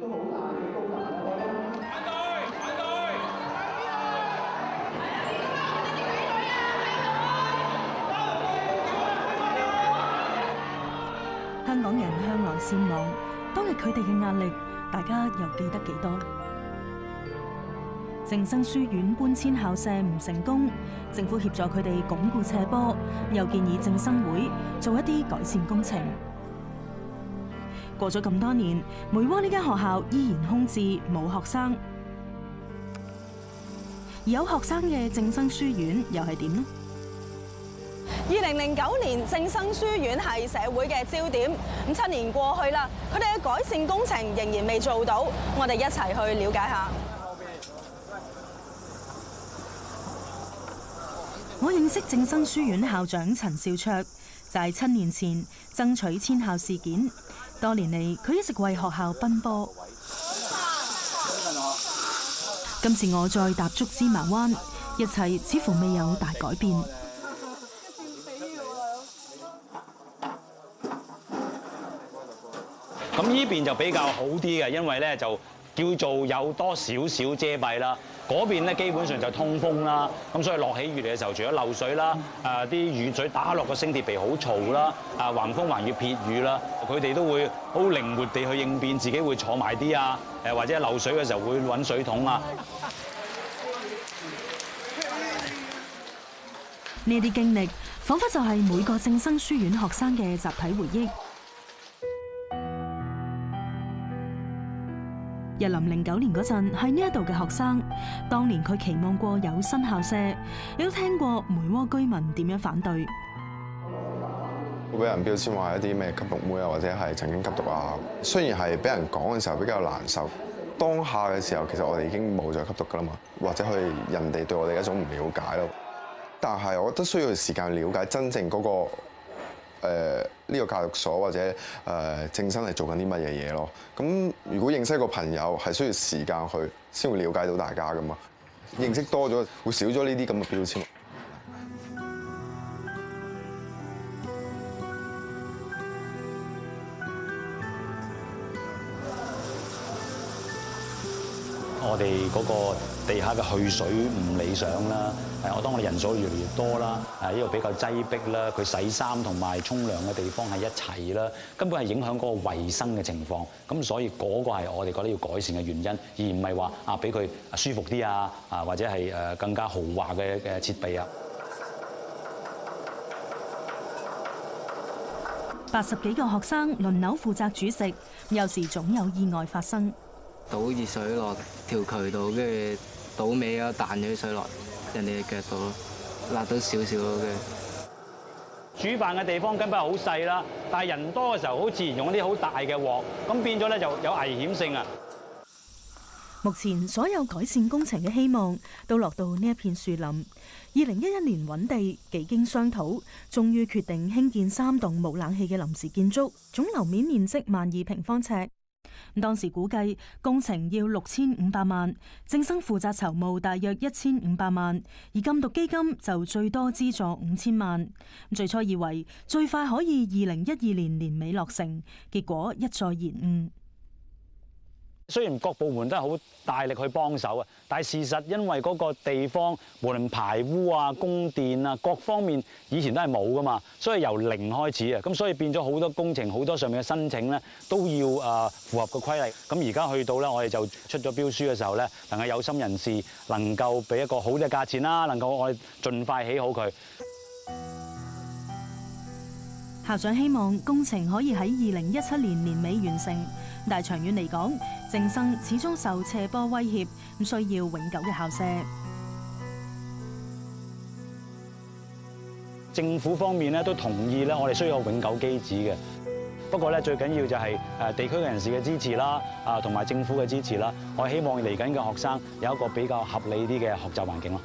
很難，香港人向來善忘，當日佢哋嘅壓力，大家又記得幾多？正生書院搬遷校舍唔成功，政府協助佢哋鞏固斜坡，又建議正生會做一啲改善工程。過咗咁多年，梅窩呢間學校依然空置，冇學生。而有學生嘅正生書院又係點呢？二零零九年，正生書院係社會嘅焦點。咁七年過去啦，佢哋嘅改善工程仍然未做到。我哋一齊去了解下。我認識正生書院校長陳兆卓，就係、是、七年前爭取遷校事件。多年嚟，佢一直為學校奔波。今次我再踏足芝麻灣，一切似乎未有大改變。咁呢邊就比較好啲㗎，因為咧就。叫做有多少少遮蔽啦，嗰邊咧基本上就通風啦，咁所以落起雨嚟嘅時候除流，除咗漏水啦，誒啲雨水打落個鋅鐵皮好嘈啦，啊橫風橫雨撇雨啦，佢哋都會好靈活地去應變，自己會坐埋啲啊，誒或者漏水嘅時候會揾水桶啊。呢啲經歷，仿佛就係每個正生書院學生嘅集體回憶。日臨零九年嗰陣，喺呢一度嘅學生，當年佢期望過有新校舍，亦都聽過梅窩居民點樣反對，會俾人標籤話一啲咩吸毒妹啊，或者係曾經吸毒啊。雖然係俾人講嘅時候比較難受，當下嘅時候其實我哋已經冇咗吸毒噶啦嘛，或者去人哋對我哋一種唔了解咯。但係我覺得需要時間了解真正嗰個。誒、這、呢個教育所或者誒正生係做緊啲乜嘢嘢咯？咁如果認識一個朋友係需要時間去先會了解到大家㗎嘛。認識多咗會少咗呢啲咁嘅標籤。我哋嗰個地下嘅去水唔理想啦，誒，我當我哋人數越嚟越多啦，誒，呢個比較擠迫啦，佢洗衫同埋沖涼嘅地方喺一齊啦，根本係影響嗰個衞生嘅情況，咁所以嗰個係我哋覺得要改善嘅原因，而唔係話啊俾佢舒服啲啊，啊或者係誒更加豪華嘅嘅設備啊。八十幾個學生輪流負責煮食，有時總有意外發生。倒熱水落條渠度，跟住倒尾啊彈咗啲水落人哋嘅腳度咯，辣到少少嘅。煮飯嘅地方根本係好細啦，但係人多嘅時候，好自然用一啲好大嘅鑊，咁變咗咧就有危險性啊。目前所有改善工程嘅希望都落到呢一片樹林。二零一一年揾地幾經商討，終於決定興建三棟冇冷氣嘅臨時建築，總樓面面積萬二平方尺。當時估計工程要六千五百萬，正生負責籌募大約一千五百萬，而禁毒基金就最多資助五千萬。最初以為最快可以二零一二年年尾落成，結果一再延誤。雖然各部門都係好大力去幫手啊，但係事實，因為嗰個地方無論排污啊、供電啊各方面，以前都係冇噶嘛，所以由零開始啊，咁所以變咗好多工程，好多上面嘅申請呢，都要誒、呃、符合個規例。咁而家去到呢，我哋就出咗標書嘅時候呢，能夠有心人士能夠俾一個好嘅價錢啦，能夠我哋盡快起好佢。校長希望工程可以喺二零一七年年尾完成，但係長遠嚟講，正生始終受斜坡威脅，咁需要永久嘅校舍。政府方面咧都同意咧，我哋需要永久機子嘅。不過咧最緊要就係誒地區嘅人士嘅支持啦，啊同埋政府嘅支持啦。我希望嚟緊嘅學生有一個比較合理啲嘅學習環境咯。